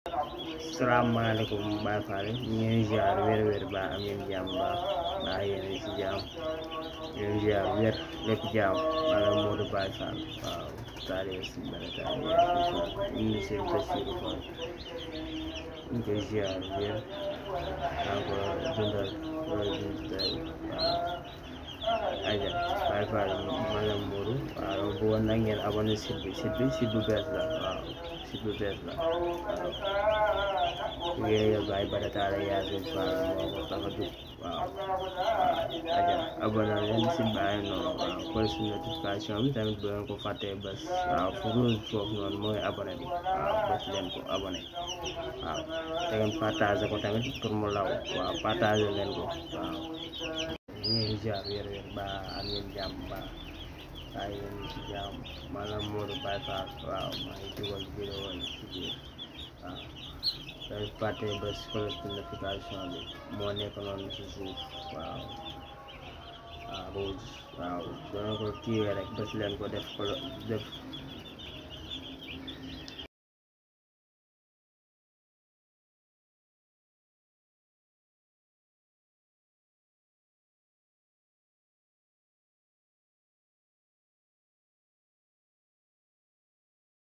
Assalamualaikum warahmatullahi wabarakatuh. ñu ngi ziar wér si jàmm ñu ngi ziar wér lépp jàmm wala si aja Baay Faal mala Modou waaw bu woon na ngeen Sibubeba. Yeye Baiba Tala Yazin Palmo Aja abona yanzu si bayan no akwai su notification am tan bayan ko fate bas furu fok non moy abonné bi bas len ko abonné waaw te ngeen partager ko tamit pour mu law waaw partager len ko waaw ñi jaar yer jam ba ay ñi ci jam manam দিয়ে party bus the wow. Ah, wow. to you,